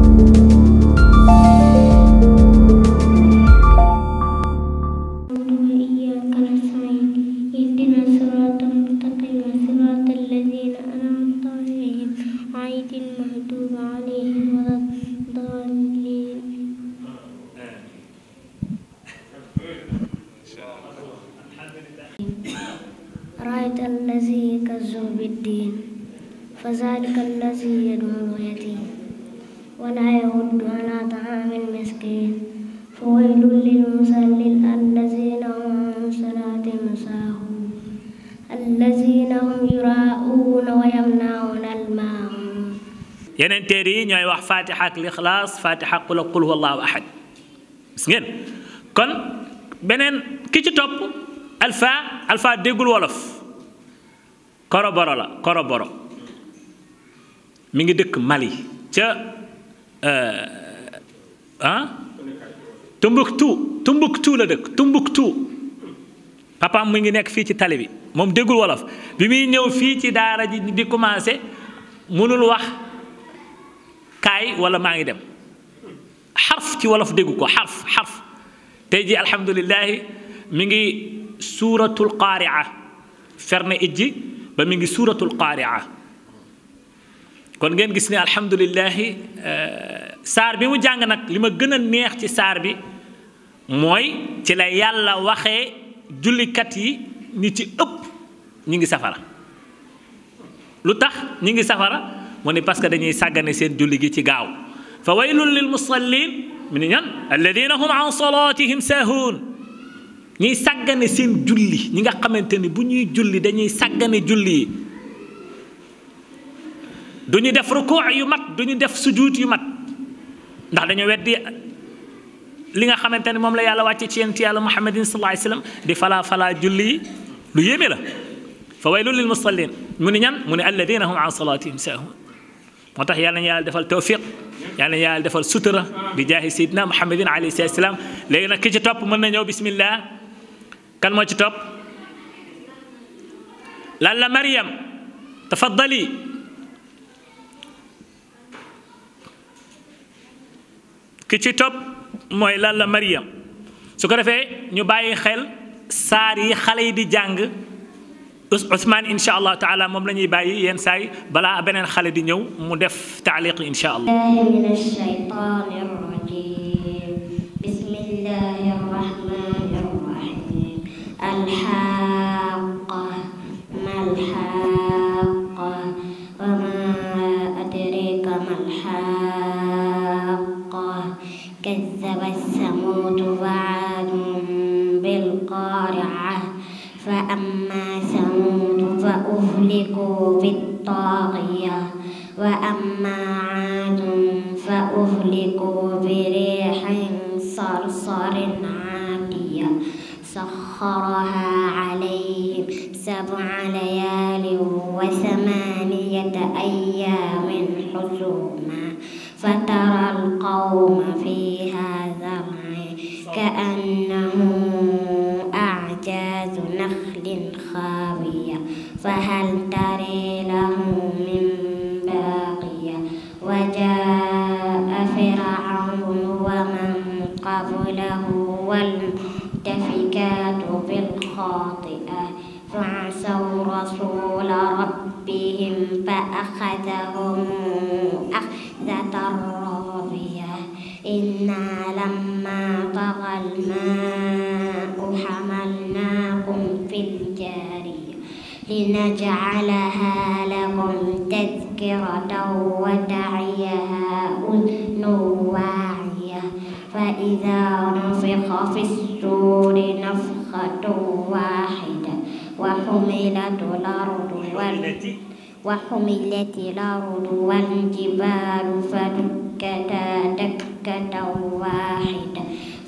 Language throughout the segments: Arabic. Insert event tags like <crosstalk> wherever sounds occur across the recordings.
Thank you. fatiha ak lixlaas fatiha ak qul qul huwallahu ahad gis ngeen kon beneen ki ci topp alfa alfa déggul wolof koroboro la koroboro mi ngi dëkk Mali ca ah Tumbuktu Tumbuktu la dëkk Tumbuktu papaam mu ngi nekk fii ci tali bi moom déggul wolof bi muy ñëw fii ci daara ji di commencé mënul wax kaay wala maa ngi dem xarf ci wolof dégg ko xarf xarf tey ji alhamdulilahi mi ngi suuratul qaaria ferne ijji ba mi ngi suuratul qaaria kon ngeen gis ne alhamdulilahi saar bi mu jàng nag li ma gën a neex ci saar bi mooy ci la yàlla waxee jullikat yi ñi ci ëpp ñi ngi safara lu tax ñi ngi safara mu ni parce que dañuy sàggane seen julli gi ci gaaw fa waylun lil musallin mu ni ñan alladina hum an salatihim sahun ñuy sàggane seen julli ñi nga xamante ni bu ñuy julli dañuy sàggane julli yi du ñu def ruku yu mat du ñu def sujuut yu mat ndax dañu weddi li nga xamante ni moom la yàlla wàcce ci yent yàlla muhammadin sallallahu alayhi wasallam di falaa falaa julli lu yéeme la fa waylun lil musallin mu ni ñan mu ni alladina hum an salatihim sahun moo tax yàlla na yàlla defal tawfiq yàlla na yàlla defal sutura bi jaahi sayidina muhammadin alayhi salatu salaam léegi nag ki ci topp mën na ñëw bismillah kan moo ci topp lalla mariam tafaddali ki ci topp mooy lalla mariam su ko defee ñu bàyyi xel saar yi xale yi di jàng عثمان ان شاء الله تعالى موم لا ني بلا بنين خالي دي مدف تعليق ان شاء الله الله من الشيطان الرجيم بسم الله الرحمن الرحيم الحاقه ما الحاقه وما ادريك ما الحاقه كذب الثمود بعد بالقارعه فأما ثمود فأهلكوا بالطاغية وأما عاد فأهلكوا بريح صرصر عاتية سخرها عليهم سبع ليال وثمانية أيام حسوما فترى القوم فيه خاوية فهل تري له من باقية وجاء فرعون ومن قبله والمتفكات بالخاطئة فعسوا رسول ربهم فأخذهم أخذة رابية إِنَّا لنجعلها لكم تذكرة وتعيها أذن واعية فإذا نفخ في السور نفخة واحدة وحملت الأرض وحملت الأرض والجبال فدكتا دكة واحدة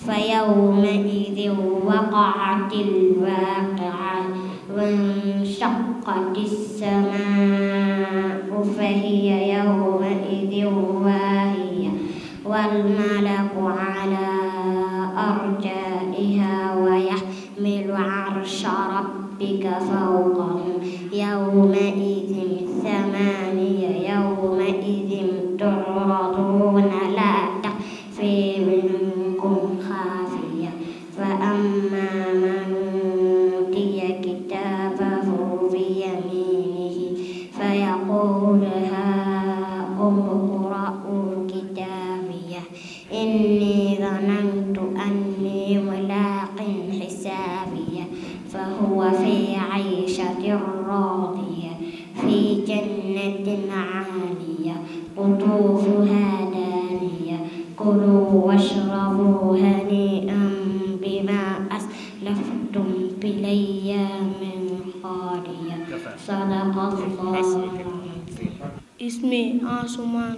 فيومئذ وقعت الواقعة وانشقت السماء فهي يومئذ واهية والملك على أرجائها ويحمل عرش ربك فوقهم يومئذ صدق الله اسمي عاصمان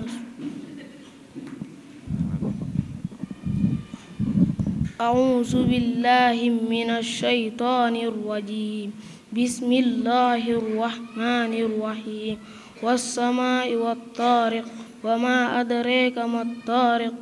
أعوذ بالله من الشيطان الرجيم بسم الله الرحمن الرحيم والسماء والطارق وما أدريك ما الطارق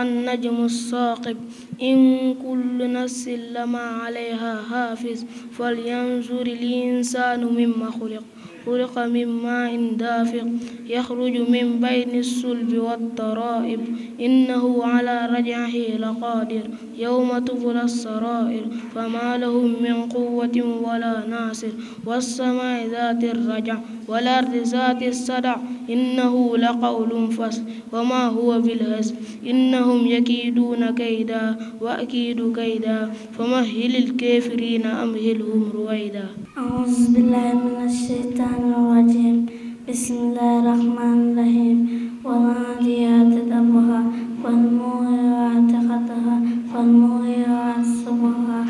النجم الصاقب إن كل نفس لما عليها حافظ فلينظر الإنسان مما خلق خلق من ماء دافق يخرج من بين الصلب والترائب إنه على رجعه لقادر يوم تبلى السرائر فما لهم من قوة ولا ناصر والسماء ذات الرجع والأرض ذات الصدع إنه لقول فصل وما هو بالهزل إنهم يكيدون كيدا وأكيد كيدا فمهل الكافرين أمهلهم رويدا أعوذ بالله من الشيطان الرجيم بسم الله الرحمن الرحيم والعاديات ضبها والموريات خطها والموريات صبها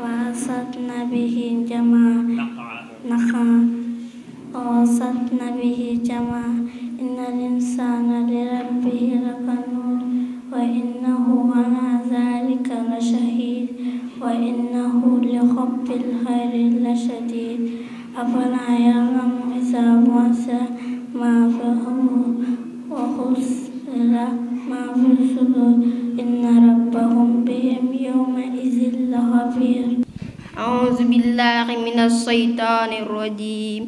وأسطن به جمعها وصدنا به جمعا إن الإنسان لربه لقنور وإنه على ذلك لشهيد وإنه لحب الخير لشديد أفلا يعلم إذا بعث ما فهم وخسر ما في الصدور إن ربهم بهم يومئذ لخبير أعوذ بالله من الشيطان الرجيم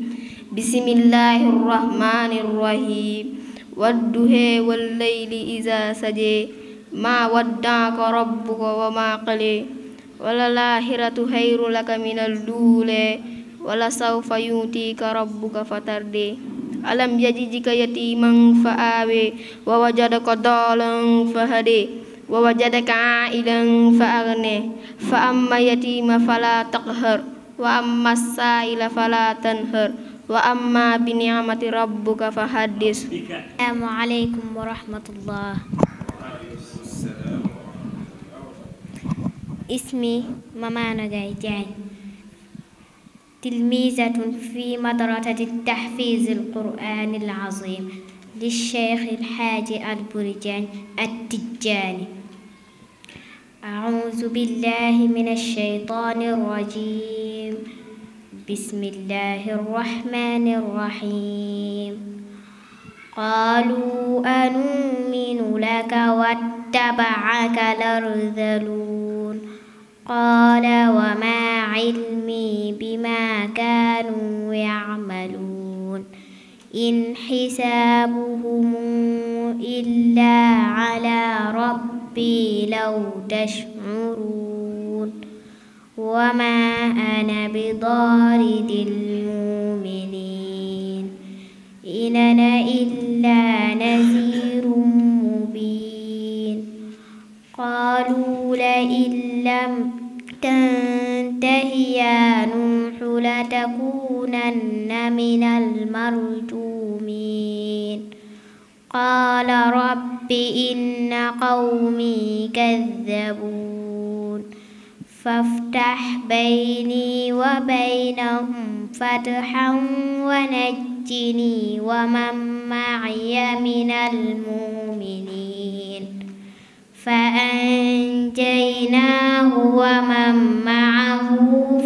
Bismillahirrahmanirrahim Wadduhe wal layli iza saje Ma wadda'aka rabbuka wa ma qali Walalahiratu hayru laka minal dule Walasawfa yutika rabbuka fatardi Alam yajijika yatiman fa'awe Wawajadaka wajadaka dalan fahadi Wa a'ilan fa'agne Fa'amma yatima fala taqhar Wa sa'ila fala tanhar وأما بنعمة ربك فحدث السلام عليكم ورحمة الله اسمي ممانة جايتين تلميذة في مدرسة التحفيز القرآن العظيم للشيخ الحاج البرجان التجاني أعوذ بالله من الشيطان الرجيم بسم الله الرحمن الرحيم قالوا أنؤمن لك واتبعك الأرذلون قال وما علمي بما كانوا يعملون إن حسابهم إلا على ربي لو تشعرون وما أنا بضارد المؤمنين إن أنا إلا نذير مبين قالوا لئن لم تنتهي يا نوح لتكونن من المرجومين قال رب إن قومي كذبون فافتح بيني وبينهم فتحا ونجني ومن معي من المؤمنين فأنجيناه ومن معه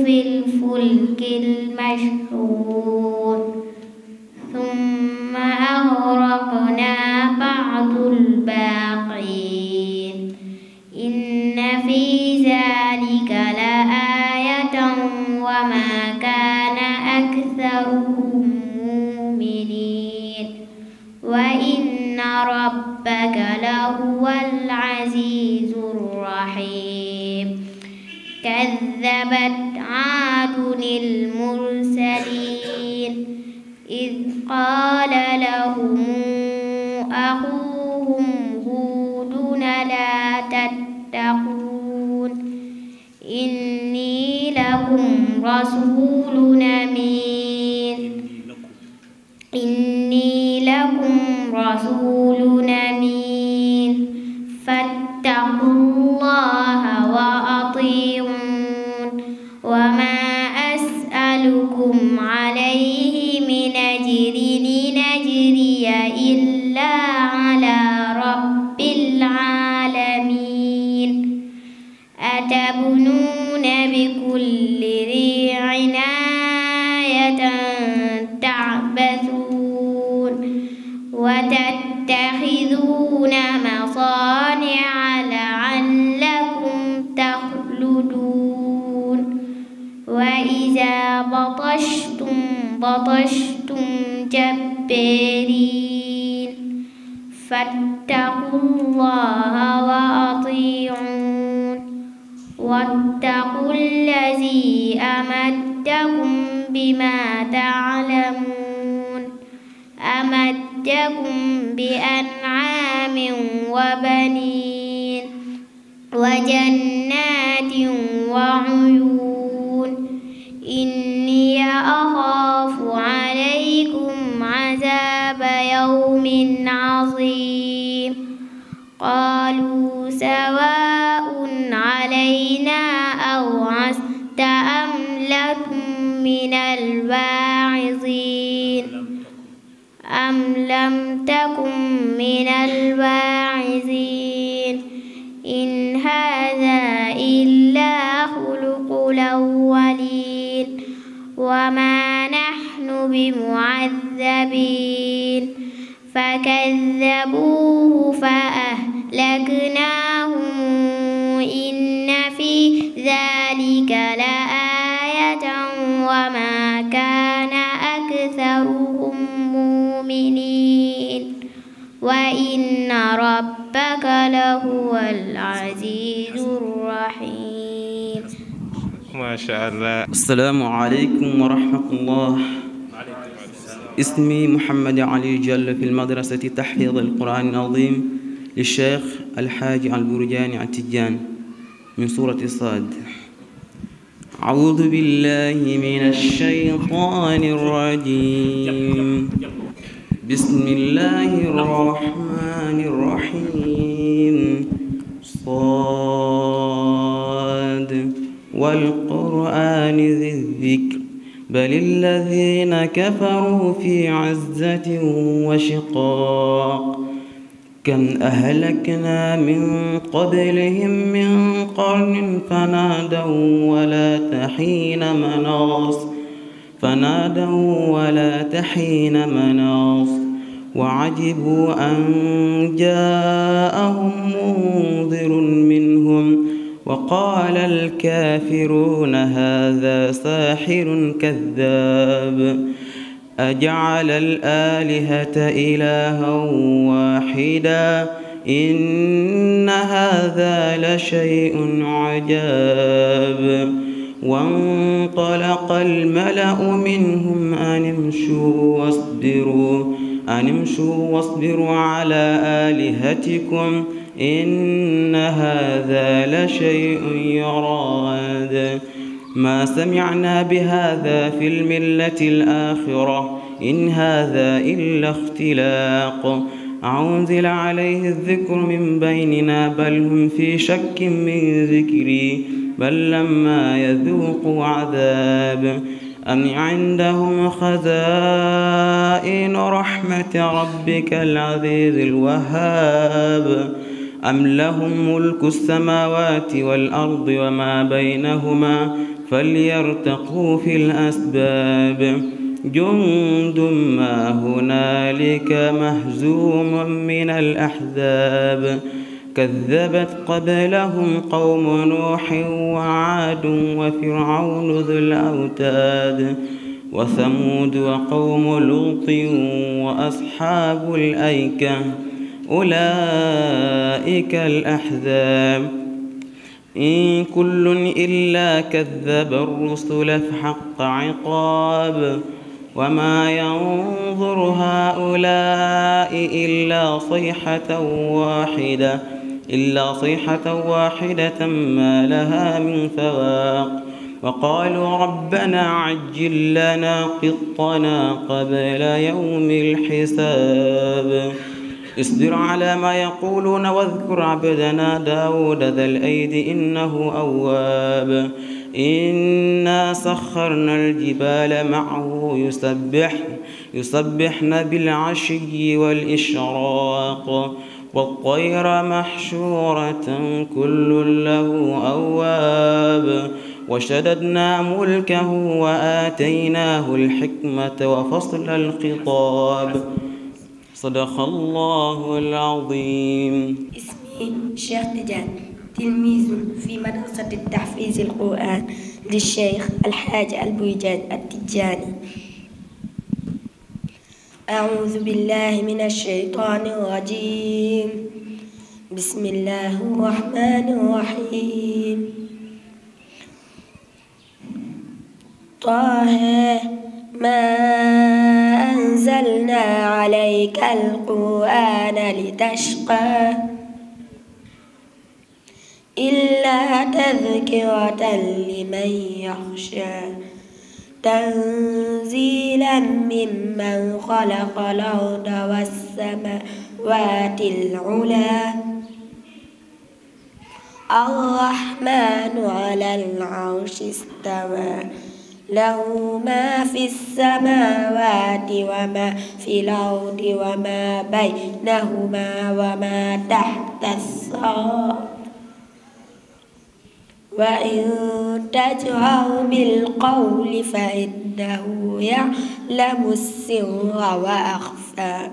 في الفلك المشحون ثم أغرقنا بعض الباب وهو العزيز الرحيم كذبت عاد المرسلين إذ قال لهم أخوهم هود لا تتقون إني لكم رسول أمين إني لكم رسول أمين فاتقوا الله وأطيعون وما أسألكم عليه من أجر لنجري إلا على رب العالمين أتبنون بكل ريع آية تعبثون وتتبعون تتخذون مصانع لعلكم تخلدون وإذا بطشتم بطشتم جبارين فاتقوا الله وأطيعون واتقوا الذي أمدكم بما تعلمون أمد أمدكم بأنعام وبنين وجنات وعيون إني أخاف عليكم عذاب يوم عظيم قالوا سواء علينا أوعزت أم لكم من الواعظين أم لم تكن من الواعظين إن هذا إلا خلق الأولين وما نحن بمعذبين فكذبوه فأهلكناهم إن في ذلك لآية وما كان أكثرهم المؤمنين وإن ربك لهو العزيز الرحيم ما شاء الله السلام عليكم ورحمة الله اسمي محمد علي جل في المدرسة تحفيظ القرآن العظيم للشيخ الحاج البرجاني التجان من سورة الصاد أعوذ بالله من الشيطان الرجيم بسم الله الرحمن الرحيم صاد والقرآن ذي الذكر بل الذين كفروا في عزة وشقاق كم أهلكنا من قبلهم من قرن فنادوا ولا تحين مناص فنادوا ولا تحين مناص وعجبوا أن جاءهم منذر منهم وقال الكافرون هذا ساحر كذاب أجعل الآلهة إلها واحدا إن هذا لشيء عجاب وانطلق الملأ منهم أن امشوا واصبروا أن امشوا واصبروا على آلهتكم إن هذا لشيء يراد ما سمعنا بهذا في الملة الآخرة إن هذا إلا اختلاق أنزل عليه الذكر من بيننا بل هم في شك من ذكري بل لما يذوقوا عذاب أم عندهم خزائن رحمة ربك العزيز الوهاب أم لهم ملك السماوات والأرض وما بينهما فليرتقوا في الأسباب جند ما هنالك مهزوم من الأحزاب كذبت قبلهم قوم نوح وعاد وفرعون ذو الأوتاد وثمود وقوم لوط وأصحاب الأيكة أولئك الأحزاب إن كل إلا كذب الرسل فحق عقاب وما ينظر هؤلاء إلا صيحة واحدة إلا صيحة واحدة ما لها من فواق وقالوا ربنا عجل لنا قطنا قبل يوم الحساب اصبر على ما يقولون واذكر عبدنا داود ذا الأيد إنه أواب إنا سخرنا الجبال معه يسبح يسبحن بالعشي والإشراق والطير محشورة كل له أواب وشددنا ملكه وآتيناه الحكمة وفصل الخطاب صدق الله العظيم اسمي شيخ تجان تلميذ في مدرسة التحفيز القرآن للشيخ الحاج البويجان التجاني أعوذ بالله من الشيطان الرجيم بسم الله الرحمن الرحيم طه ما أنزلنا عليك القرآن لتشقى إلا تذكرة لمن يخشى تنزيلا ممن خلق الأرض والسماوات العلا الرحمن على العرش استوى له ما في السماوات وما في الأرض وما بينهما وما تحت الثرى وإن تجهر بالقول فإنه يعلم السر وأخفى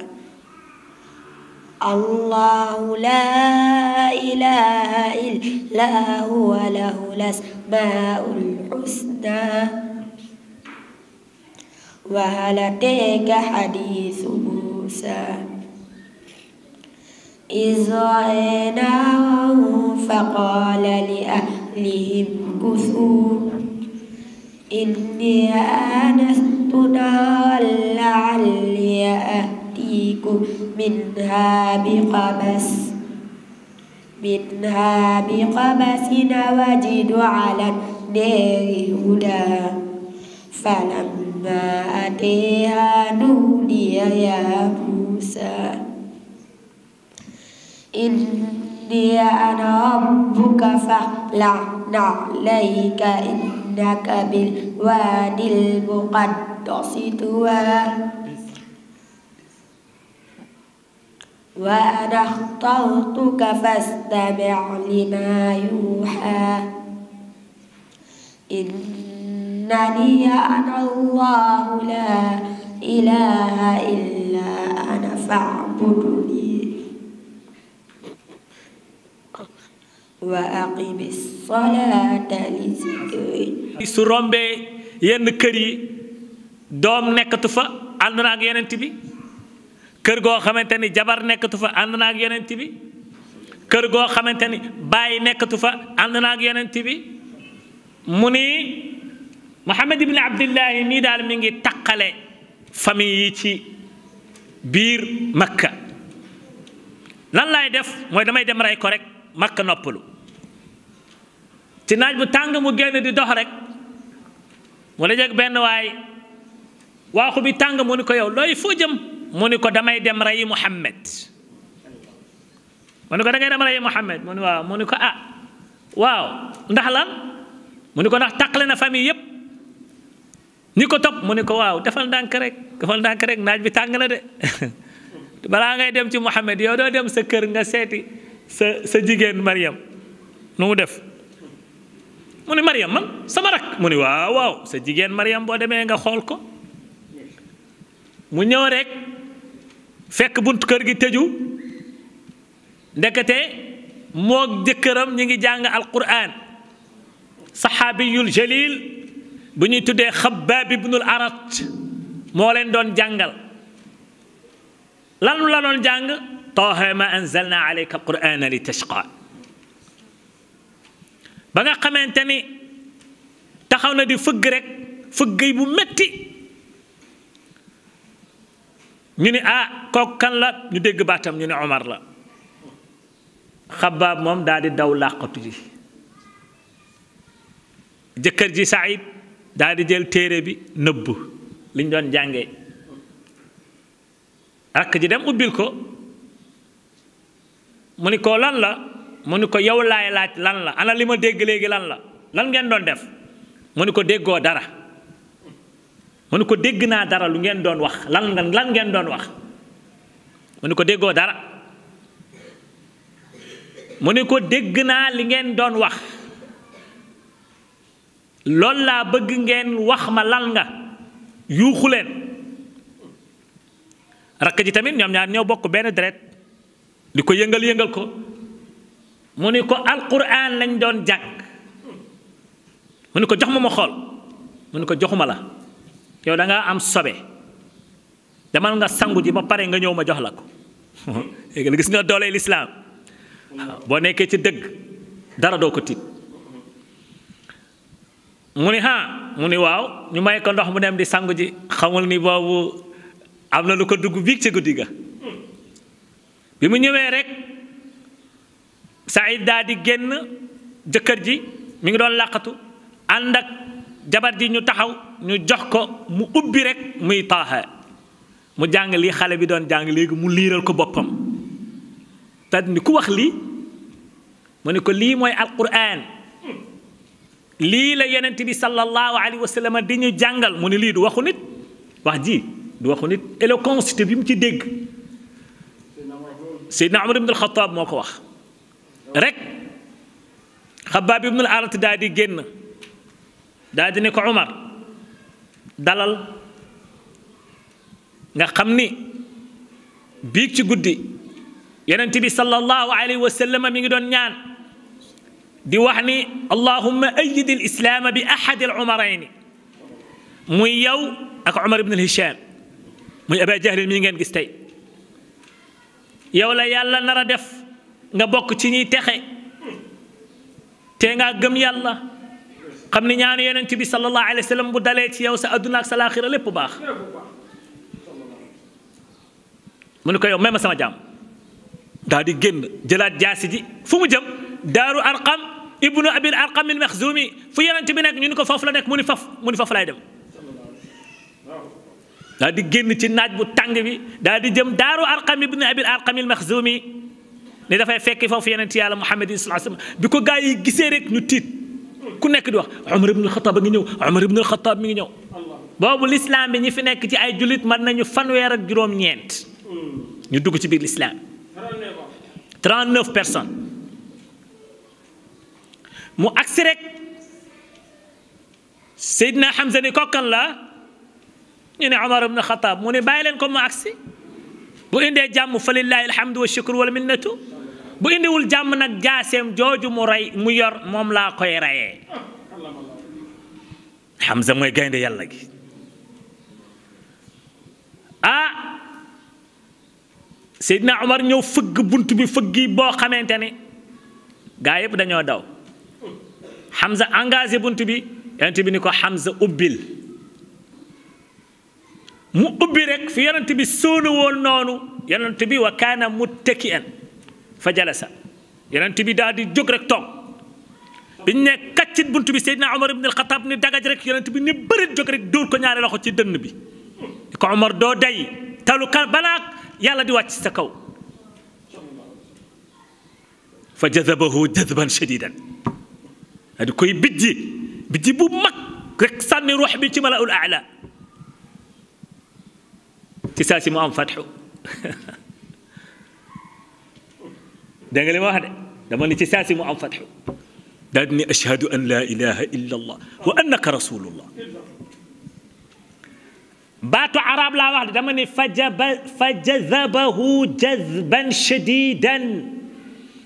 الله لا إله إلا هو له الأسماء الحسنى وهل أتيك حديث موسى إذ رأيناه فقال لأهله لهم كثور إني آنست نارا لعلي أهديكم منها بقبس منها بقبس وجد على النار هدى فلما أتيها نودي يا موسى إن إني أنا ربك فاخلعن عليك إنك بالوادي المقدس توى وأنا اخترتك فاستمع لما يوحى إنني أنا الله لا إله إلا أنا فاعبدني wa aqimi su rombee yenn kër yi doom nekkatu fa ànd naa ak yonent kër goo xamante ni jabar nekkatu fa ànd naa ak yonent kër goo xamante ni bàyyi nekkatu fa ànd naa ak yonent mu ni Muhammad ibn Abdillahi mii daal mi ngi taqale famille yi ci biir Makka lan laay def mooy damay dem rey ko rek Makka noppalu ci naaj bu tàng mu génn di dox rek mu la benn waay waaxu bi tàng mu ni ko yow looy foo jëm mu ni ko damay dem reyi Muhammad mu ni ko dangay dem reyi Muhammad mu ni waaw mu ni ko ah waaw ndax lan mu ni ko ndax taqale na famille yépp ñi ko topp mu ni ko waaw defal ndànk rek defal ndànk rek naaj bi tàng na de <laughs> balaa ngay dem ci Muhammad yow doo dem sa kër nga seeti sa sa jigéen Mariam nu mu def muni Mariam man sama rak muni ne waaw waaw sa jigen Mariam bo demee nga xol ko mu ñëw rek fekk buntu kër gi teju ndekete moog dekeeram ñi ngi jang alquran sahabiyul jalil bu tuddé khabbab ibn al arat mo leen doon jangal lan la doon jang tahama anzalna alayka alquran litashqa ba nga xamante ni taxaw na di fëgg rek fëggay bu metti ñu ni ah kooku kan la ñu dégg baatam ñu ne Omar la xabaab moom daal di daw làqatu ji jëkkër ji Saïd daal di jël téere bi nëbb liñ doon jànge rakk ji dem ubbil ko mu ni ko lan la mu ne ko yow laay laaj lan la ana li ma dégg léegi lan la lan ngeen doon def mu ni ko déggoo dara mu ni ko dégg naa dara lu ngeen doon wax lan nga lan ngeen doon wax mu ko déggoo dara mu ni ko dégg naa li ngeen doon wax loolu laa bëgg ngeen wax ma lan nga yuuxu leen rakk ji tamit ñoom ñaar ñoo bokk benn deret di ko yëngal yëngal ko mu ni ko alquran lañ doon jàng mu ni ko jox ma ma xool mu ni ko joxuma la yow da ngaa am sobe demal nga sangu ji ba pare nga ñëw ma jox la ko <laughs> léegi la gis nga doole l'islam boo nekkee ci dëgg dara doo ko tiit mu ni ha mu ni waaw ñu may ko ndox mu dem di sangu ji xamul ni boobu am lu ko dugg biig ci guddi bi mu ñëwee rek Saïd daa génn jëkkër ji mu ngi doon làqatu ànd jabar ji ñu taxaw ñu jox ko mu ubbi rek muy taaha mu jàng lii xale bi doon jàng léegi mu liiral ko boppam te ni ku wax lii mu ne ko lii mooy alquran lii la yonent bi sallallahu alayhi wa sallam di ñu jàngal mu ne lii du waxu nit wax ji du waxu nit éloquence te bi mu ci dégg Seydina Omar ibn al moo ko wax رك خباب ابن العرت دادي جن دادي نك عمر دلال نخمني بيك تقولي ينتبه صلى الله عليه وسلم من يان دي وحني اللهم أيد الإسلام بأحد العمرين ميو أك عمر بن الهشام مي أبا جهل من جن قستي يا ولا نرى دف nga bok ci ñi texe te nga gëm yàlla xamni ni ñaanu yonent bi sallallahu alayhi wasallam bu dalé ci yow sa aduna ak sa laaxira lépp baax mu ne ko yow même sama jam daal di génn jëlat jasi ji fu mu jëm daru arqam ibnu abil arqam al makhzumi fu yonent bi nekk ñu ko fofu la nek mu ni fof mu ni fofu lay dem daal di génn ci naaj bu tàng bi daal di jëm daru arqam ibnu abil arqam al makhzumi ne da fay fekk foofu yonent yàlla muhammad sallallahu alaihi wasallam biko gaa yi gisee rek ñu tit ku nekk di wax umar ibn xataab a ngi ñëw umar ibnul khattab mi ngi ñëw bobu l'islam bi ñi fi nekk ci ay jullit mën nañu fanweer ak juróom-ñeent ñu dugg ci biir lislaam 39 personnes mu agsi rek Seydina Hamza ni kokkan la ñu ne Omar ibn Xataab mu ne bàyyi ko mu agsi bu indee jàmm fa lillahi alhamdu wa shukru wal minnatu bu indiwul jàmm nag jaaseem jooju mu ray mu yor moom laa koy reyee Hamza moy gaynde yàlla gi ah Seydina Omar ñëw fëgg bunt bi fëggi boo xamante ne gaa yëpp dañoo daw Hamza engagé bunt bi yonent bi ni ko Hamza ubbil مقبرك في ينتبه السون والنون ينتبه وكان متكئا فجلس ينتبه دادي جوكرك توم بني كاتيت بنت بي سيدنا عمر بن الخطاب ني داجاج رك ينتبه ني بريت جوكرك دور كو نياري لخو سي دن بي كو عمر دو داي تالو كان بلاك يالا دي واتي سا كو فجذبه جذبا شديدا هادي كوي بيجي بيجي بو مك رك ساني روح بي سي ملأ الاعلى تساسي ما انفتحوا دنگلي واحد دمني تساسي ما انفتحوا دادني اشهد ان لا اله الا الله وانك رسول الله باتوا عرب لا واحد دمني فجب فجذبه جذبا شديدا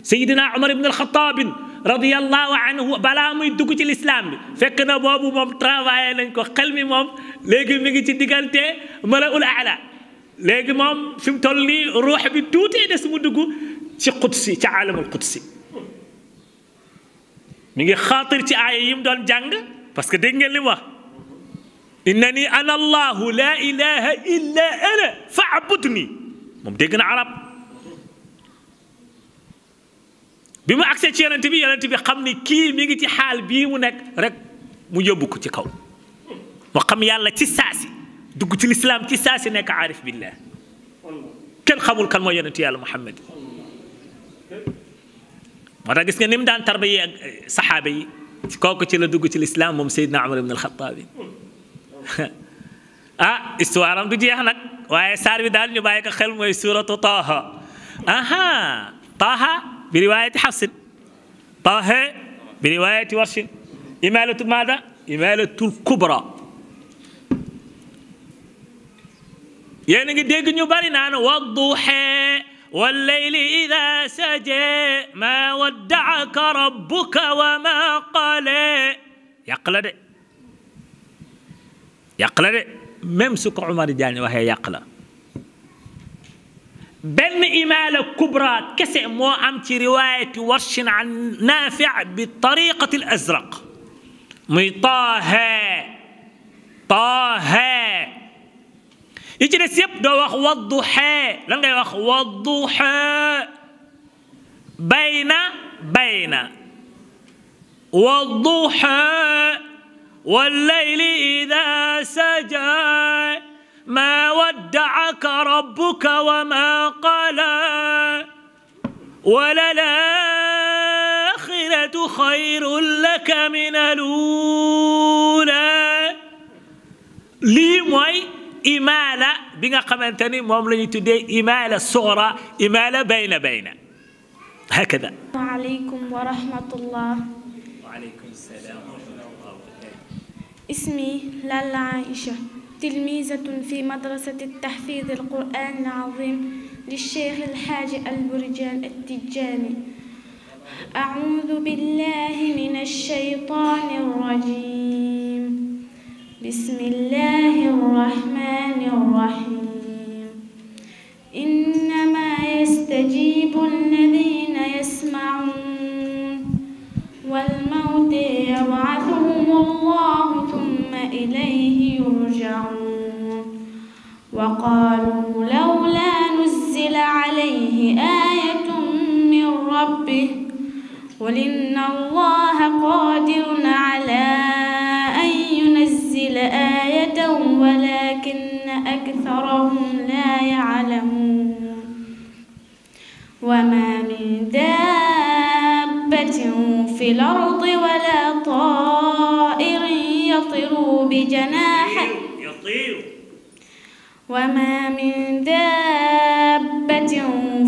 سيدنا عمر بن الخطاب رضي الله عنه بلا موي دوجو تي الاسلام فكنا بابو مم ترافاي نانكو خلمي موم لغي ميغي تي ديغالتي ملؤ الاعلى لكن مام فيم تولي روح بدوتي دس مدقو تي قدسي تي القدسي ميغي خاطر تي آية دون جانج بس كدنجي لما إنني أنا الله لا إله إلا أنا فاعبدني مم ديقنا عرب بما أكسي تي يلنتبي يلنتبي قمني كي ميغي تي حال بي رك مجبوكو تي كو وقم يالا تي دقت الإسلام تساس إنك عارف بالله كان خبول كان مجانا تيال محمد مرة قسنا نمدان تربية صحابي كوكو تيلا دقت الإسلام مم سيدنا عمر بن الخطاب آه استوارم بجي هناك وآي سار بدال نبايك خلم سورة طه أها طه برواية حفص طه برواية ورش إمالة ماذا إمالة الكبرى يعني قد يقنوا بالي والضحى والليل إذا سجى ما ودعك ربك وما قال يقلد يقلد ممسك عمر جاني وهي يقلى بن إمالة كبرى كسئ مو أمتي رواية ورش عن نافع بالطريقة الأزرق مي مطاها طاها يجلس يبدا واخ والضحى لان واخ والضحى بين بين والضحى والليل اذا سجى ما ودعك ربك وما قلى وللآخرة خير لك من الأولى لي موي إمالة بين nga xamante ni moom إمالة صغرى إمالة بين بين هكذا. bayna bayna hakada وعليكم السلام ورحمة الله وبركاته اسمي لالا عائشة تلميذة في مدرسة التحفيظ القرآن العظيم للشيخ الحاج البرجان التجاني أعوذ بالله من الشيطان الرجيم بسم الله الرحمن الرحيم إنما يستجيب الذين يسمعون والموت يبعثهم الله ثم إليه يرجعون وقالوا لولا نزل عليه آية من ربه قل إن الله قادر على أنزل آية ولكن أكثرهم لا يعلمون وما من دابة في الأرض ولا طائر يطير بجناح يطير وما من دابة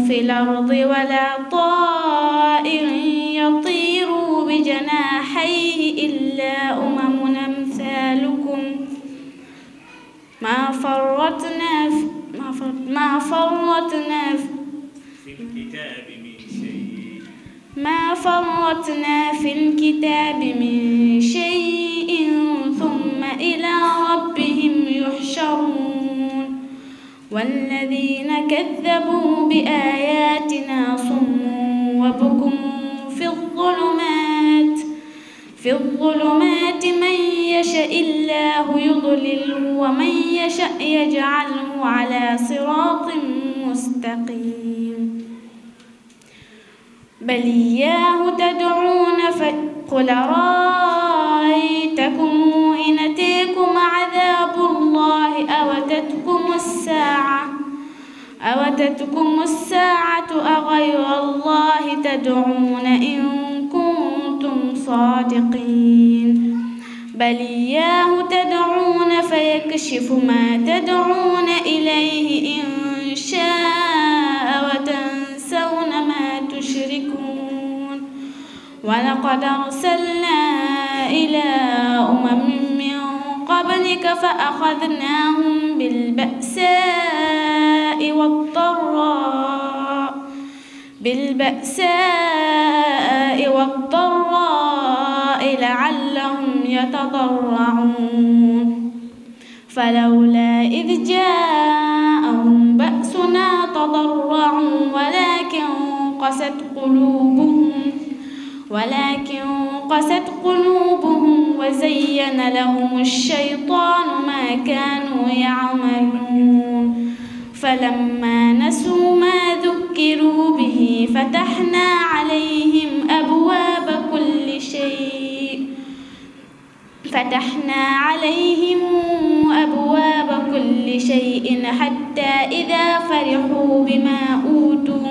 في الأرض ولا طائر يطير بجناحيه إلا أمم ما فرطنا في ما فرطنا في, الكتاب من شيء ما فرطنا في الكتاب من شيء ثم إلى ربهم يحشرون والذين كذبوا بآياتنا صم وبكم في الظلمات في الظلمات من يشاء الله يضلله ومن يشاء يجعله على صراط مستقيم بل إياه تدعون فقل رأيتكم إن أتيكم عذاب الله أوتتكم الساعة أوتتكم الساعة أغير الله تدعون إن صادقين بل إياه تدعون فيكشف ما تدعون إليه إن شاء وتنسون ما تشركون ولقد أرسلنا إلى أمم من قبلك فأخذناهم بالبأساء والضراء بالبأساء والضراء لعلهم يتضرعون فلولا إذ جاءهم بأسنا تضرعوا ولكن قست قلوبهم ولكن قست قلوبهم وزين لهم الشيطان ما كانوا يعملون فلما فتحنا عليهم أبواب كل شيء فتحنا عليهم أبواب كل شيء حتى إذا فرحوا بما أوتوا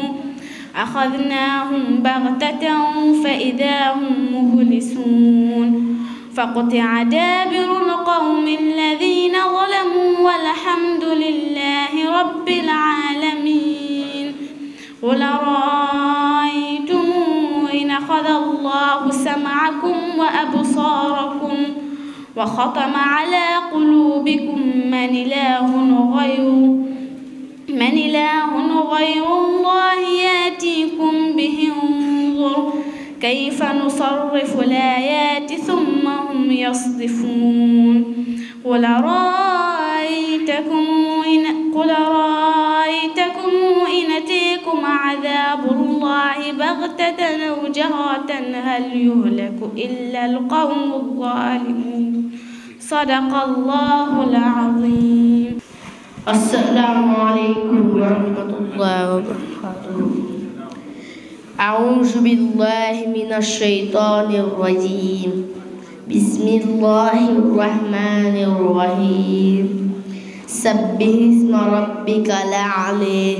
أخذناهم بغتة فإذا هم مبلسون فقطع دابر القوم الذين ظلموا والحمد لله رب العالمين قل أرأيتم إن أخذ الله سمعكم وأبصاركم وختم على قلوبكم من إله غير من إله غير الله ياتيكم به انظر كيف نصرف الآيات ثم هم يصدفون قل رأيتكم إن قل رأيتكم يأتيكم عذاب الله بغتة أو جهرة هل يهلك إلا القوم الظالمون صدق الله العظيم السلام عليكم ورحمة الله وبركاته أعوذ بالله من الشيطان الرجيم بسم الله الرحمن الرحيم سبح اسم ربك الأعلى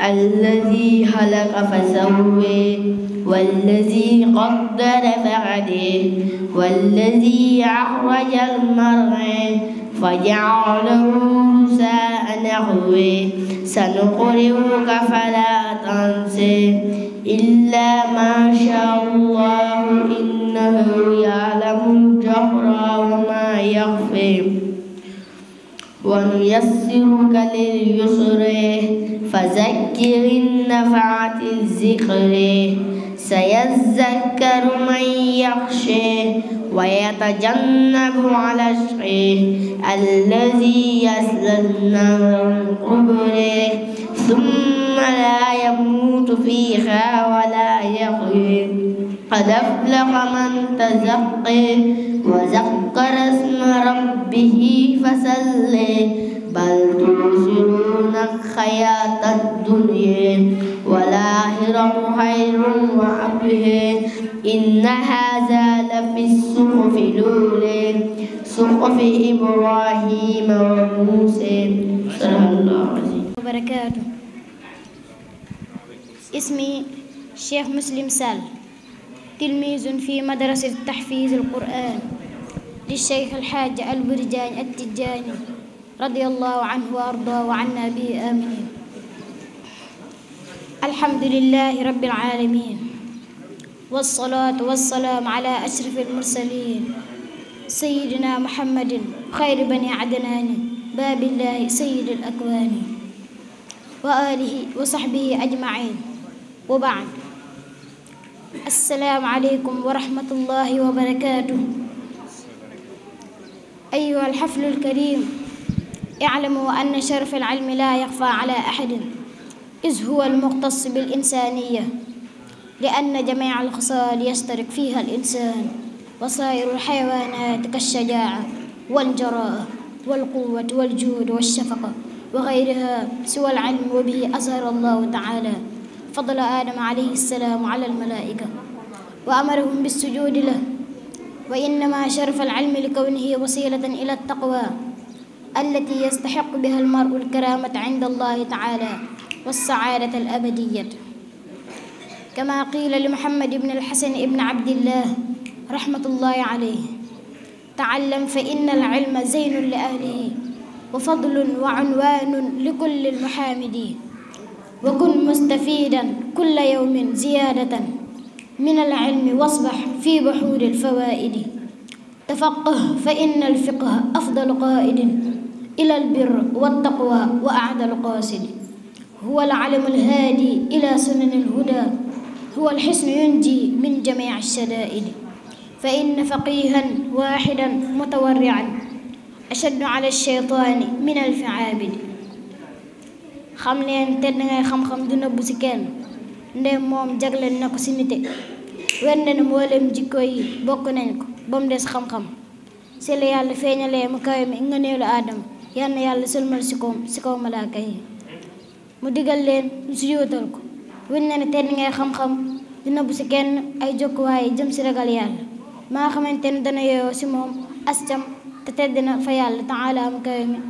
الذي خلق فسوي والذي قدر فعدل والذي أخرج المرء فجعله ساء نحوه سنقرئك فلا تنسى إلا ما شاء الله إنه يعلم الجهر وما يخفي ونيسرك لليسر مذكر نفعت الذكر سيذكر من يخشى على الشيء الذي يسلى النار ثم لا يموت فيها ولا يحيى قد أفلح من تزكى وذكر اسم ربه فصلى بل تؤثرون الحياة الدنيا والآخرة خير وأبهى إن هذا لفي الصحف الأولى صحف إبراهيم وموسى صلى الله عليه وبركاته اسمي الشيخ مسلم سال تلميذ في مدرسة تحفيظ القرآن للشيخ الحاج البرجاني التجاني رضي الله عنه وأرضاه وعنا به امين الحمد لله رب العالمين والصلاة والسلام على أشرف المرسلين سيدنا محمد خير بني عدنان باب الله سيد الأكوان وآله وصحبه أجمعين وبعد السلام عليكم ورحمة الله وبركاته أيها الحفل الكريم اعلموا أن شرف العلم لا يخفى على أحد إذ هو المختص بالإنسانية لأن جميع الخصال يشترك فيها الإنسان وصائر الحيوانات كالشجاعة والجراءة والقوة والجود والشفقة وغيرها سوى العلم وبه أظهر الله تعالى فضل آدم عليه السلام على الملائكة وأمرهم بالسجود له وإنما شرف العلم لكونه وسيلة إلى التقوى التي يستحق بها المرء الكرامة عند الله تعالى والسعادة الأبدية كما قيل لمحمد بن الحسن بن عبد الله رحمة الله عليه تعلم فإن العلم زين لأهله وفضل وعنوان لكل المحامدين وكن مستفيدا كل يوم زيادة من العلم واصبح في بحور الفوائد تفقه فإن الفقه أفضل قائد إلى البر والتقوى وأعد القاصد هو العلم الهادي إلى سنن الهدى هو الحسن ينجي من جميع الشدائد فإن فقيها واحدا متورعا أشد على الشيطان من الفعابد عابد خمني انتر خم خم دون أبو سكان ندي موم جغل النكو سنتي وين نمولم جيكوي بوكو ننكو بوم ديس خم خم سيلي يالفيني لي مكايم إنغني آدم يان يالله سلمر سكوم سكوم ملاكي مديقال لين نسيو تلك وين نان تنين غير خم خم دينا بسكين اي جوكو هاي جم سرقال يال ما خمين تن دانا يو سموم أستم تتدنا فيال تعالى مكيمي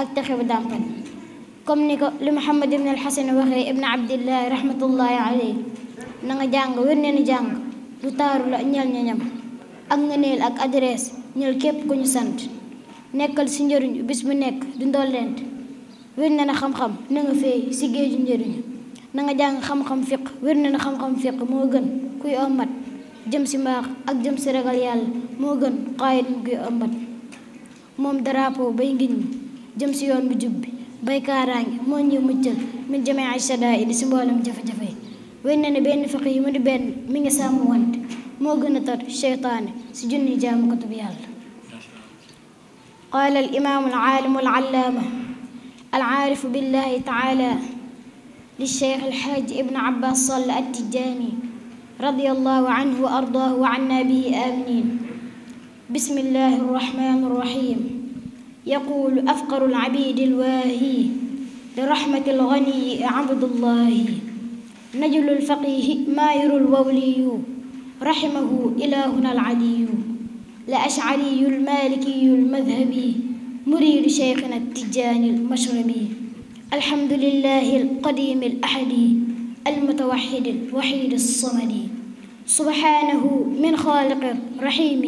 أكتخي بدامتن كم نيكو لمحمد بن الحسن وخي ابن عبد الله رحمة الله عليه نغا جانغ وين نان جانغ لتارو لأنيال نيام أغنيل أك أدريس نيل كيب كوني سانتن nekkal si njëriñu bis mu nekk di ndollent wér na ne xam-xam na nga fee si géeju njëriñu na nga jàng xam-xam fiq wér na ne xam-xam fiq moo gën kuy ommat jëm ak jëm si ragal moo gën xaayit mu kuy ommat moom drapeau bay ngiñ mi jëm si yoon bu jub bi bay kaaraange moo mu muccal min jamee ay sadaa indi si mboolem jafe-jafe wér na ne benn fiq yi mu di benn mi ngi sàmm wante moo gën a tar seytaane si junni jaamukatub yàlla قال الإمام العالم العلامة العارف بالله تعالى للشيخ الحاج ابن عباس صلى التجاني رضي الله عنه وأرضاه وعنا به آمنين بسم الله الرحمن الرحيم يقول أفقر العبيد الواهي لرحمة الغني عبد الله نجل الفقيه ماير الولي رحمه إلهنا العلي الأشعري المالكي المذهبي مريد شيخنا التجاني المشربي الحمد لله القديم الأحدي المتوحد الوحيد الصمدي سبحانه من خالق رحيم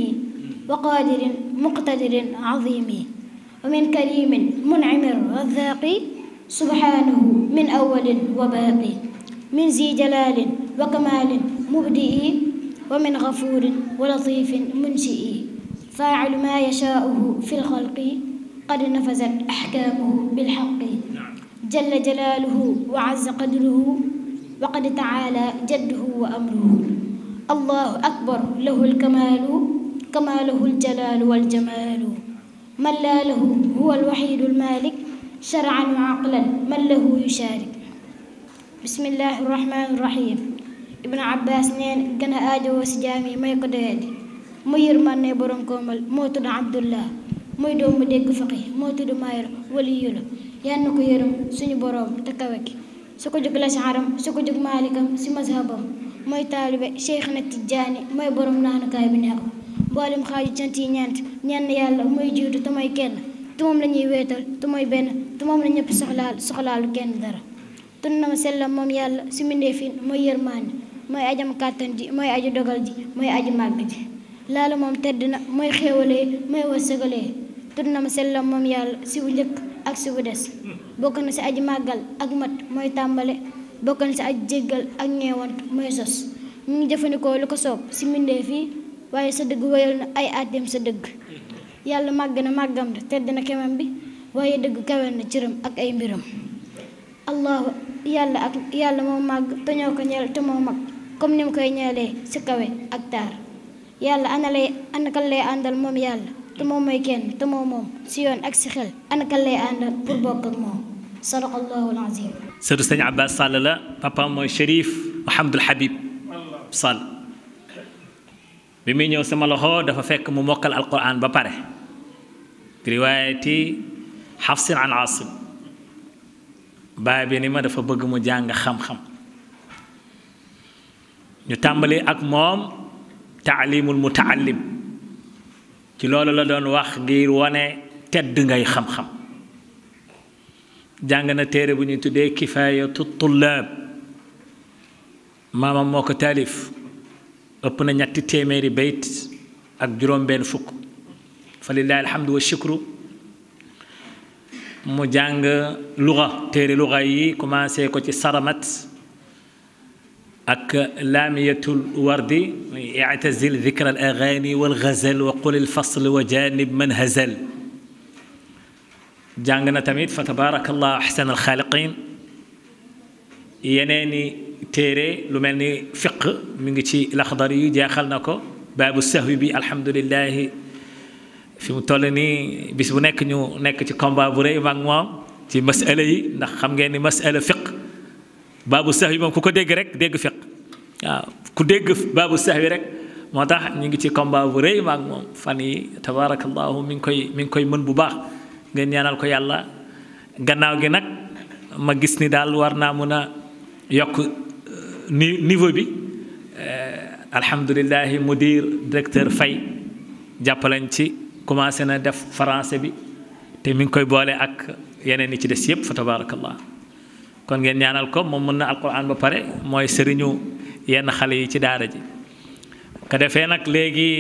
وقادر مقتدر عظيم ومن كريم منعم رزاق سبحانه من أول وباقي من ذي جلال وكمال مبدئ ومن غفور ولطيف منشئ فاعل ما يشاؤه في الخلق قد نفذت أحكامه بالحق جل جلاله وعز قدره وقد تعالى جده وأمره الله أكبر له الكمال كما له الجلال والجمال من لا له هو الوحيد المالك شرعا وعقلا من له يشارك بسم الله الرحمن الرحيم ابن عباس نين قنا a وسجامي ما يقدر يدي mu yërmande borom koomal moo tudd Abdullah muy doom mu dégg faqi moo tudd Maayir waliyu la yal na ko yërëm suñu borom te kawe ki su ko jóg la si xaram su ko jóg maalikam si mazhabam mooy taalibe Cheikh na Tijaani mooy borom naanukaay bi neex mboolem xaaju cant yi ñenn yàlla mooy jiitu te mooy kenn te moom la ñuy wéetal te mooy benn te moom la ñëpp soxlaal soxlaalu kenn dara tunnam sellam moom yàlla si mbindeefin mooy yërmaande mooy ajam kàttan ji mooy aju dogal ji mooy aju màgg ji laala moom tedd na mooy xéewalee mooy wërsëgalee tudd na ma sellam moom yàlla si bu njëkk ak si bu des bokk na si aji màggal ak mat mooy tàmbale bokk na si aji jéggal ak ñeewant mooy sos mu ngi jëfandikoo li ko soob si mbindee fii waaye sa dëgg wéyal na ay àtteem sa dëgg yàlla màgg na màggam na tedd na kemam bi waaye dëgg kawel na cëram ak ay mbiram allahu yàlla ak yàlla moo màgg te ñoo ko ñeel te moo mag comme ni mu koy ñeelee si kawe ak taar يلا أنا لي أنا قال لي عند الموم يلا تموم يكين تموم سيون أكسخل أنا قال لي عند بربوك المهم صدق الله العظيم سيد سني عباس صلى الله بابا موي شريف محمد الحبيب صلى بيمي نيو سما لوخو دا فا فك مو موكل القران با باري روايتي حفص عن عاصم بابي نيما دا فا بغ مو جانغ خام خم ñu tàmbali ak moom taalimul mutaallim ci loolu la doon wax ngir wane tedd ngay xam-xam jàng na téere bu ñu tuddee kifaayatu tullaab maamam moo ko taalif ëpp na ñetti téeméeri bayt ak juróom-benn fukk fa lillahi alhamdu wa shukru mu jàng luga téere luga yi commencé ko ci saramat أك لامية الورد اعتزل ذكر الأغاني والغزل وقل الفصل وجانب من هزل جانغنا تميد فتبارك الله أحسن الخالقين يناني تيري لمني فقه من شي الأخضري جاخلناكو باب السهو بي الحمد لله في mu بس بنك bis bu تي ñu nekk ci combat bu rëy maag moom ci masala yi ndax xam ngeen ni masala fiq waaw ku dégg baabu sahwi rek moo tax ñu ngi ci combat bu rëy maak moom fan yi tabarakallahu mi ngi koy mi ngi koy mën bu baax nga ñaanal ko yàlla gannaaw gi nag ma gis ni daal war naa mën a yokk euh, ni niveau bi euh, alhamdulilahi mudir directeur Faye jàppalañ ci commencé na def français bi te mi ngi koy boole ak yeneen yi ci des yëpp fa tabarakallah kon ngeen ñaanal ko moom mën na alquran ba pare mooy sëriñu yenn xale yi ci daara ji ko defee nag léegi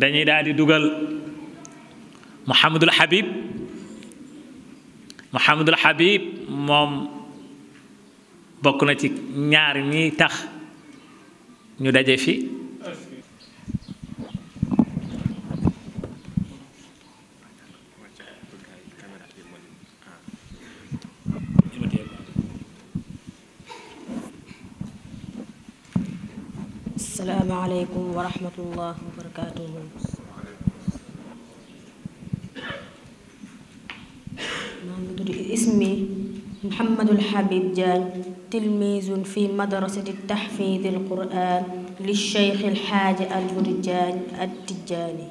dañuy daal di dugal Mouhamadul Habib Mouhamadul Habib moom bokk na ci ñaari ñiy tax ñu daje fi السلام عليكم ورحمة الله وبركاته اسمي محمد الحبيب جان تلميذ في مدرسة التحفيظ القرآن للشيخ الحاج الفرجان التجاني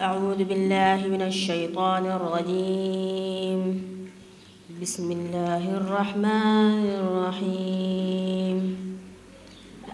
أعوذ بالله من الشيطان الرجيم بسم الله الرحمن الرحيم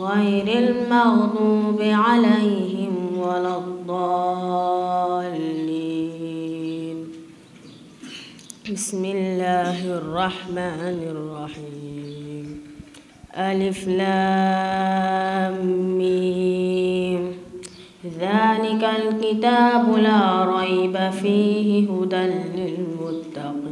غير المغضوب عليهم ولا الضالين بسم الله الرحمن الرحيم ألف لام ميم ذلك الكتاب لا ريب فيه هدى للمتقين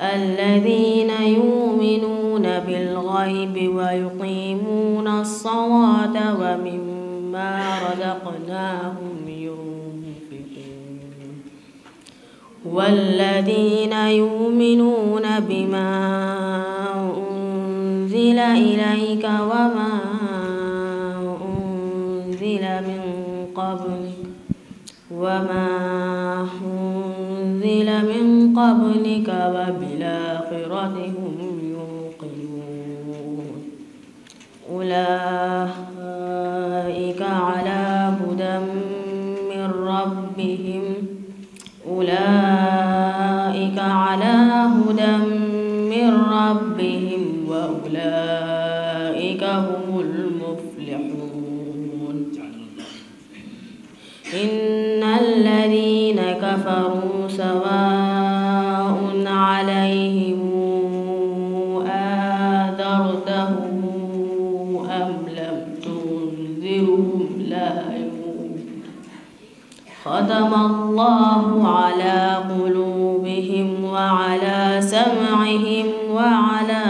الذين يؤمنون بالغيب ويقيمون الصلاة ومما رزقناهم ينفقون والذين يؤمنون بما أنزل إليك وما أنزل من قبلك وما هم أنزل من قبلك وبالآخرة هم يوقنون أولئك على هدى من ربهم أولئك على هدى من ربهم وأولئك كفروا سواء عليهم أنذرتهم أم لم تنذرهم لا يؤمنون ختم الله على قلوبهم وعلى سمعهم وعلى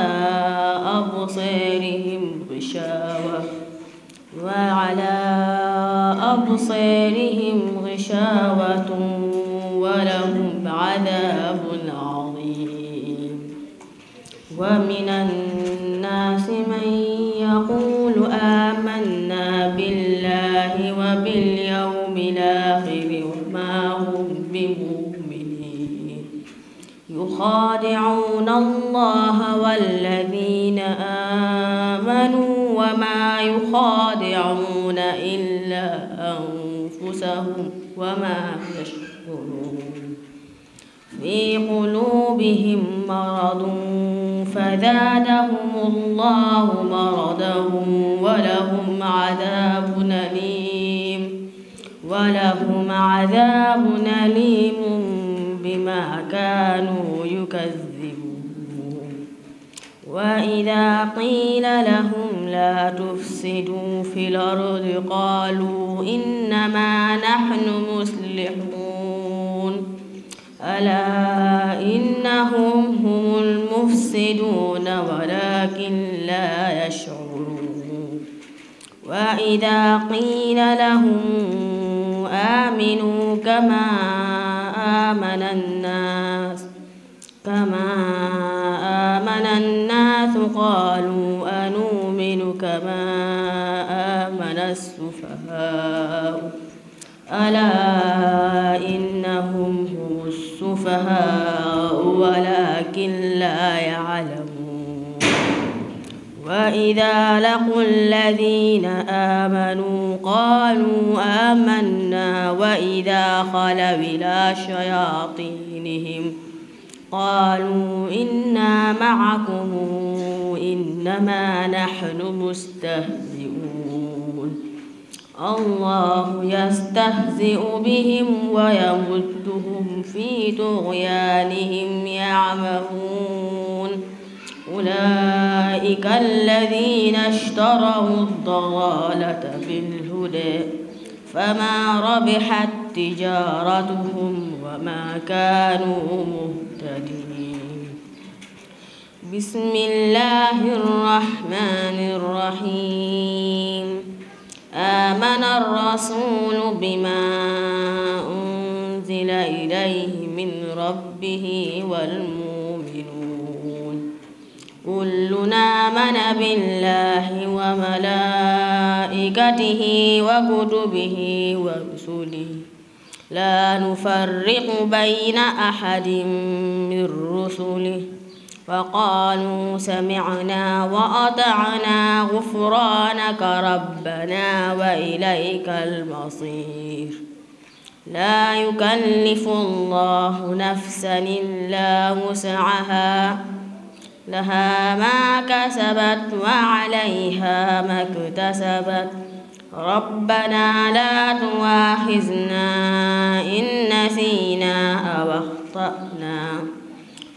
أبصارهم غشاوة وعلى أبصارهم غشاوة عذاب عظيم ومن الناس من يقول آمنا بالله وباليوم الآخر وما هم بمؤمنين يخادعون الله والذين آمنوا وما يخادعون إلا أنفسهم وما يشكرون في قلوبهم مرض فزادهم الله مرضهم ولهم عذاب أليم ولهم عذاب أليم بما كانوا يكذبون وإذا قيل لهم لا تفسدوا في الأرض قالوا إنما نحن مصلحون ألا إنهم هم المفسدون ولكن لا يشعرون وإذا قيل لهم آمنوا كما آمن الناس كما آمن الناس قالوا أنؤمن كما آمن السفهاء ألا السفهاء ولكن لا يعلمون وإذا لقوا الذين آمنوا قالوا آمنا وإذا خلوا إلى شياطينهم قالوا إنا معكم إنما نحن مستهزئون الله يستهزئ بهم ويمدهم في طغيانهم يعمهون أولئك الذين اشتروا الضلالة بالهدى فما ربحت تجارتهم وما كانوا مهتدين بسم الله الرحمن الرحيم آمن الرسول بما أنزل إليه من ربه والمؤمنون كلنا آمن بالله وملائكته وكتبه ورسله لا نفرق بين أحد من رسله وقالوا سمعنا وأطعنا غفرانك ربنا وإليك المصير لا يكلف الله نفسا إلا وسعها لها ما كسبت وعليها ما اكتسبت ربنا لا تواخذنا إن نسينا أو أخطأنا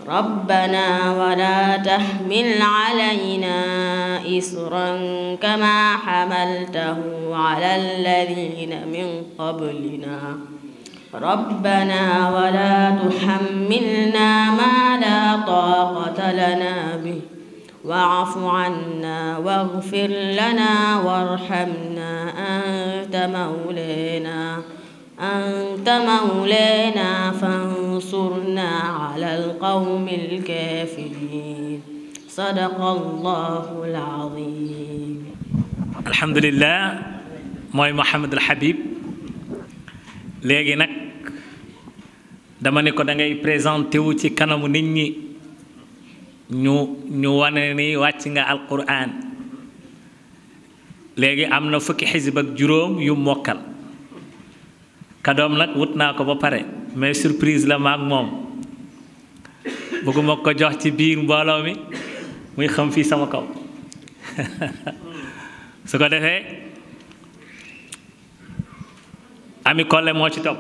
ربنا ولا تحمل علينا إسرا كما حملته على الذين من قبلنا ربنا ولا تحملنا ما لا طاقة لنا به واعف عنا واغفر لنا وارحمنا أنت مولانا أنت مولانا فانصرنا انصرنا على القوم الكافرين صدق الله العظيم الحمد لله موي محمد الحبيب لغي léegi nag dama ne ko da ngay présenté wu ci kanamu nit ñi ñu ñu wane ni wàcc nga alquran léegi am na fukki xisib ak juróom yu mokkal kadoom nag wut naa ko ba pare mais surprise la maag moom bëgguma ko jox ci biir mbooloo mi muy xam fii sama kaw <laughs> su ko defee ami kole moo ci topp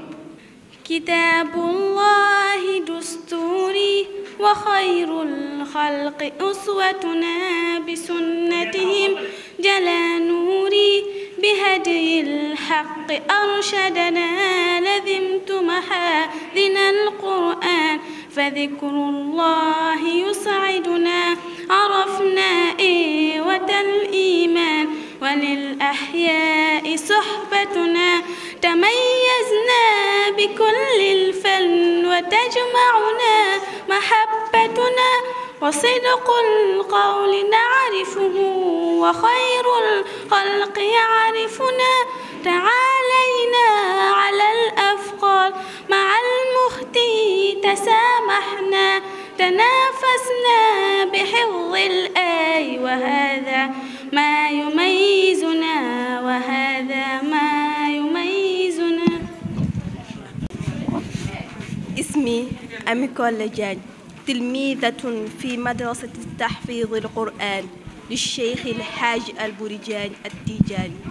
kitaabullahi dusturi وخير الخلق أسوتنا بسنتهم جلا نوري بهدي الحق أرشدنا لذمت محاذن القرآن فذكر الله يسعدنا عرفنا إيوة الإيمان وللأحياء صحبتنا تميزنا بكل الفن وتجمعنا محبتنا وصدق القول نعرفه وخير الخلق يعرفنا تعالى تنافسنا بحفظ الآي وهذا ما يميزنا وهذا ما يميزنا اسمي أميكو لجان تلميذة في مدرسة تحفيظ القرآن للشيخ الحاج البرجان التيجاني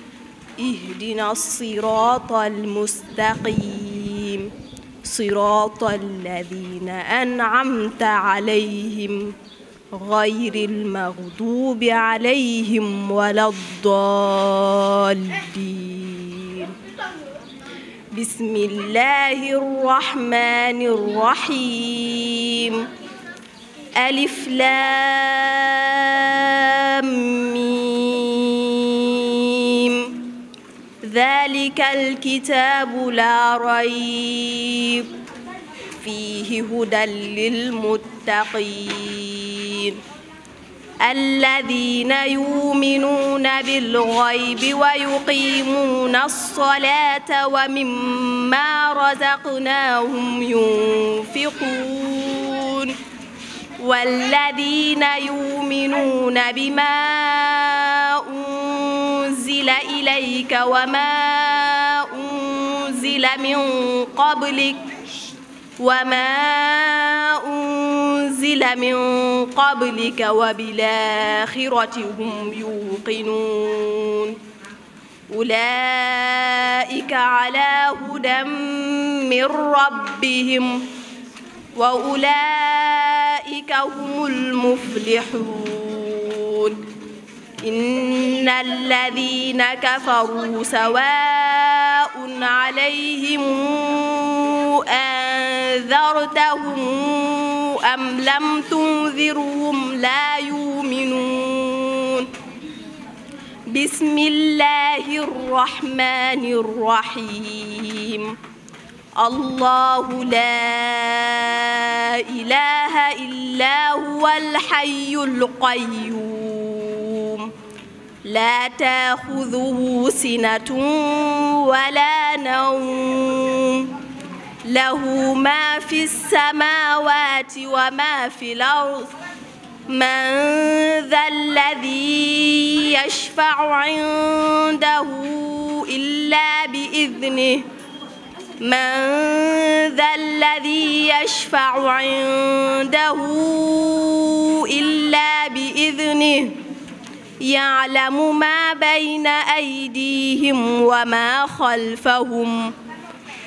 اهدنا الصراط المستقيم صراط الذين أنعمت عليهم غير المغضوب عليهم ولا الضالين بسم الله الرحمن الرحيم ألف لام مين ذلك الكتاب لا ريب فيه هدى للمتقين الذين يؤمنون بالغيب ويقيمون الصلاة ومما رزقناهم ينفقون والذين يؤمنون بما أنزل إليك وما أنزل من قبلك وما أنزل من قبلك وبالآخرة هم يوقنون أولئك على هدى من ربهم وأولئك هم المفلحون إن الذين كفروا سواء عليهم أنذرتهم أم لم تنذرهم لا يؤمنون بسم الله الرحمن الرحيم الله لا إله إلا هو الحي القيوم لا تأخذه سنة ولا نوم له ما في السماوات وما في الأرض من ذا الذي يشفع عنده إلا بإذنه من ذا الذي يشفع عنده إلا بإذنه يعلم ما بين أيديهم وما خلفهم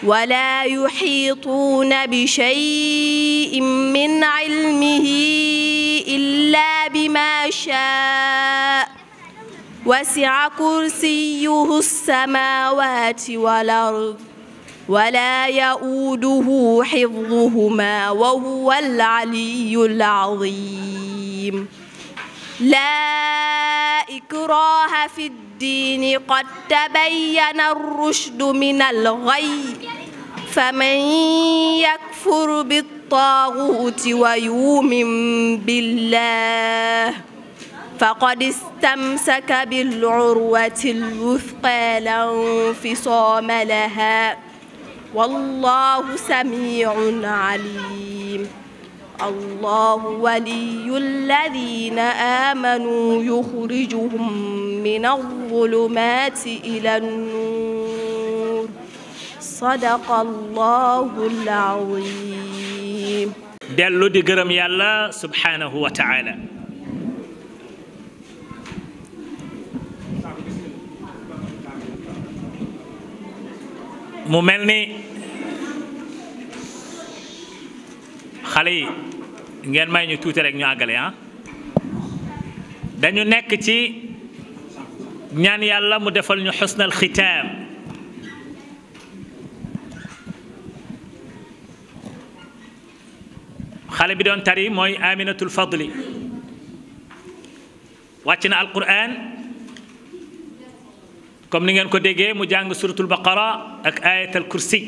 ولا يحيطون بشيء من علمه إلا بما شاء وسع كرسيه السماوات والأرض ولا يؤوده حفظهما وهو العلي العظيم لا إكراه في الدين قد تبين الرشد من الغي فمن يكفر بالطاغوت ويؤمن بالله فقد استمسك بالعروة الوثقى لا انفصام لها والله سميع عليم الله ولي الذين آمنوا يخرجهم من الظلمات إلى النور صدق الله العظيم دلو دي gërëm yàlla subhanahu wa ta'ala mu melni ni xale yi ngeen may ñu tuté rek ñu agalé han dañu nekk ci ñaan yàlla mu defal ñu husnal khitam xale bi doon tari moy aminatul fadli wàcc na alquran comme ni ngeen ko déggee mu jàng suratul baqara ak ayat al kursi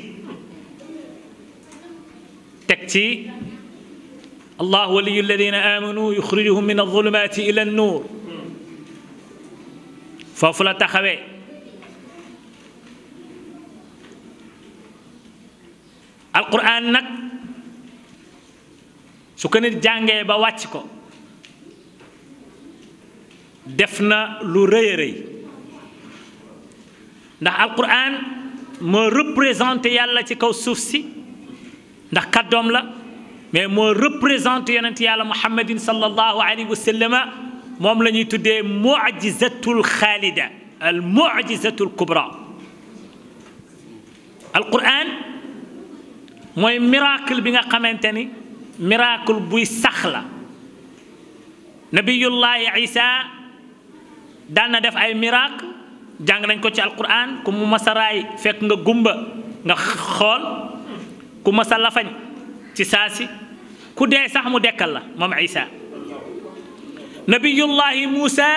teg ci الله ولي الذين آمنوا يخرجهم من الظلمات إلى النور فافلا تخوي القرآن نك سكن الجانجة بواتكو دفنا لوريري ري ndax alquran mo représenté yàlla ci kaw souf ci ndax kàddoom la mais mo représenté yonent yàlla muhammadin sallallahu alayhi wasallam mom lañuy tuddé mujizatul khalida al mujizatul kubra alquran moy miracle bi nga xamanteni miracle buy sax la nabiyullah isa daan def ay miracle jàng nañ ko ci alquran ku mu masa raay fekk nga gumba nga xool ku masa lafañ ci saasi ku dee sax mu dekkal la moom isa nabiyullahi muusa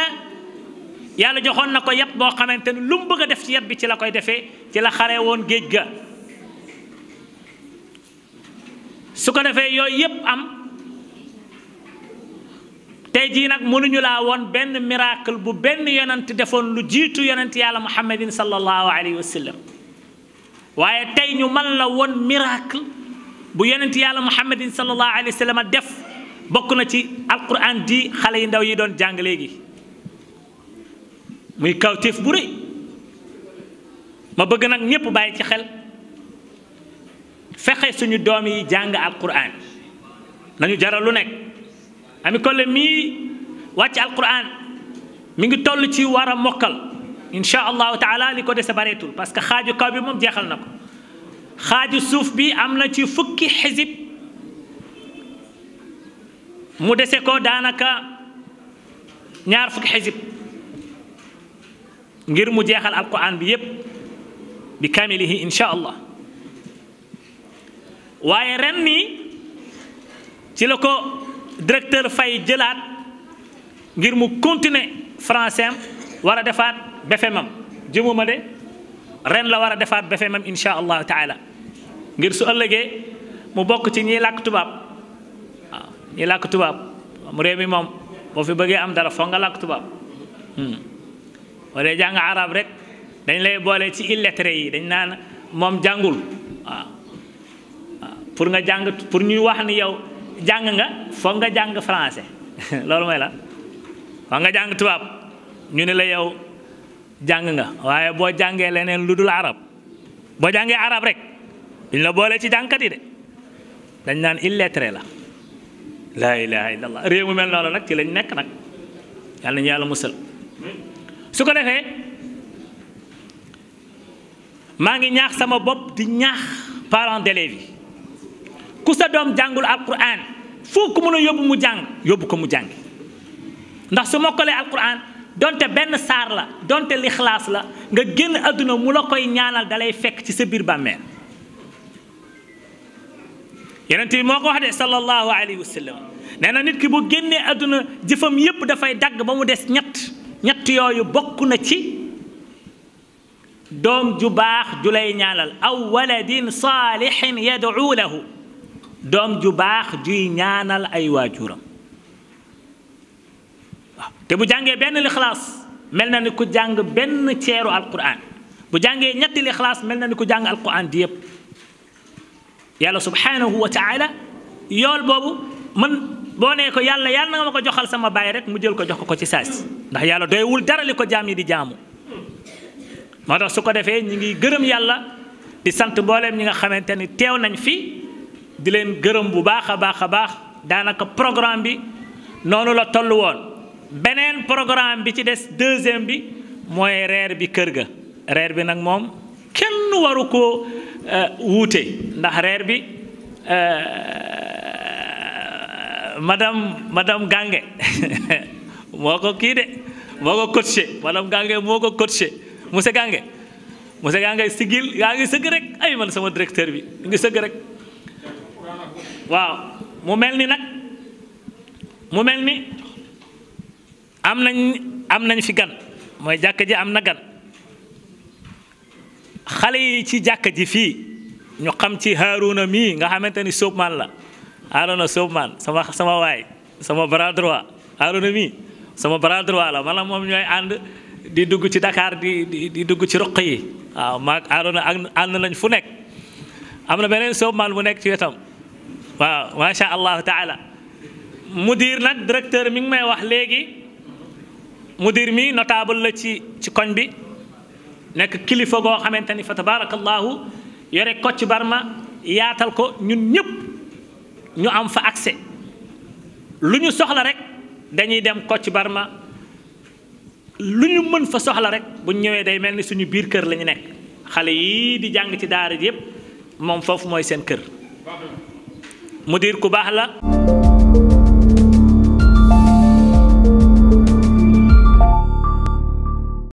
yàlla joxoon na ko yat boo xamante ni lu mu bëgg a def ci yat bi ci la koy defee ci la xare woon géej ga su ko defee yooyu yépp am tey jii nag mënuñu laa woon benn miracle bu benn yonent defoon lu jiitu yonent yàlla muhammadin sallallahu alayhi wa sallam waaye tey ñu mën la woon miracle bu yonent yàlla muhammadin sallallahu alayhi wa sallam def bokk na ci alquran di xale yi ndaw yi doon jàng léegi muy kawtéef bu rëy ma bëgg nag ñépp bàyyi ci xel fexe suñu doom yi jàng alquran nañu jaral lu nekk ami kolle mi wàcc alquran mi ngi toll ci war a mokkal insha allahu taala li ko dese bareetul parce que xaaju kaw bi moom jeexal na ko xaaju suuf bi am na ci fukki xisib mu dese ko daanaka ñaar fukki xisib ngir mu jeexal alquran bi yépp bi kamilihi insha allah waaye ren nii ci la ko directeur fay jëlaat ngir mu continuer français am war a defaat BFEM am jëmuma de ren la war a defaat BFEM mam insha allah taala ngir su ëllëgee mu bokk ci ñiy lakk tubaab waaw ñiy làkk tubaab mu réew mi moom boo fi bëggee am dara foo nga làkk tubaab hmm. boo dee jàng arab rek dañ lay boole ci illettré yi dañ naan moom jàngul waaw nga jàng pour ñuy wax ni yow jàng nga foog nga jàng français <laughs> loolu mooy la foog nga jàng tubaab ñu ne la yow jàng nga waaye boo jàngee leneen lu dul arab boo jàngee arab rek duñ la boole ci jàngkat yi de dañ naan illettré la laa ilaha illallah réew mu mel noonu nag ci lañ nekk nag yàlla nañu yàlla musal su ko defee maa ngi ñaax sama bopp di ñaax parents d'élèves yi ku sa dom jangul alquran foo ko mën yobbu mu jang yobbu ko mu jang ndax su mokale alquran donte ben sar la donte l'ikhlas la nga genn aduna mu la koy ñaanal dalay fekk ci sa bir bàmmeel yonent bi moo sallallahu alaihi wasallam neena nit ki bu genné aduna jëfëm yépp fay dag ba mu des ñett ñett yoyu bokku na ci dom ju bax ju lay ñaanal aw waladin salihin yad'u lahu dom ju bax ju ñaanal ay wajuram te bu jàngee ben l'ikhlas mel ni ku jang ben ceeru alquran bu jàngee ñetti l'ikhlas mel ni ku jang alquran di yépp yalla subhanahu wa taala Yol bobu man boo nee ko yalla yalla nga ma joxal sama baye rek mu jël ko jox ko ci saas ndax yàlla doywul dara li jami di jamu motax tax su ko ñi ngi gëreum yalla di sante mbolem ñi nga xamanteni ni nañ fi di leen gërëm bu baax a baax a baax daanaka programme bi noonu la toll woon beneen programme bi ci des deuxième bi mooy reer bi kër ga reer bi nag moom kenn waru koo euh, wuute ndax reer bi madam madam gànge moo ko kii de moo ko coaché madame Gange moo ko coaché monsieur Gange monsieur Gange sigil yaa ngi sëgg rek ay man sama directeur bi ngi sëgg rek waaw mu mel ni nag mu mel ni am nañ am nañ fi gan mooy jàkka ji am na gan xale yi ci jàkka ji fii ñu xam ci Haaruna mii nga xamante ni Sóobmaan la na Sóobmaan sama sama waay sama bras droit Haaruna mii sama bras droit la maanaam moom ñooy ànd di dugg ci dakaar di di dugg ci ruq yi waaw maag Haaruna ànd nañ fu nekk am na beneen Sóobmaan bu nekk ci wetam waaw macha allah taala mudir nag directeur mi ngi may wax léegi mudir mi notable la ci ci koñ bi nekk kilifa goo xamante ni fa tabarakallahu yore Kocc Barma yaatal ko ñun ñëpp ñu am fa accès lu ñu soxla rek dañuy dem Kocc Barma lu ñu mën fa soxla rek bu ñu ñëwee day mel ni suñu biir kër la ñu nekk xale yii di jàng ci daara yëpp moom foofu mooy seen kër मुदीर कुबाहला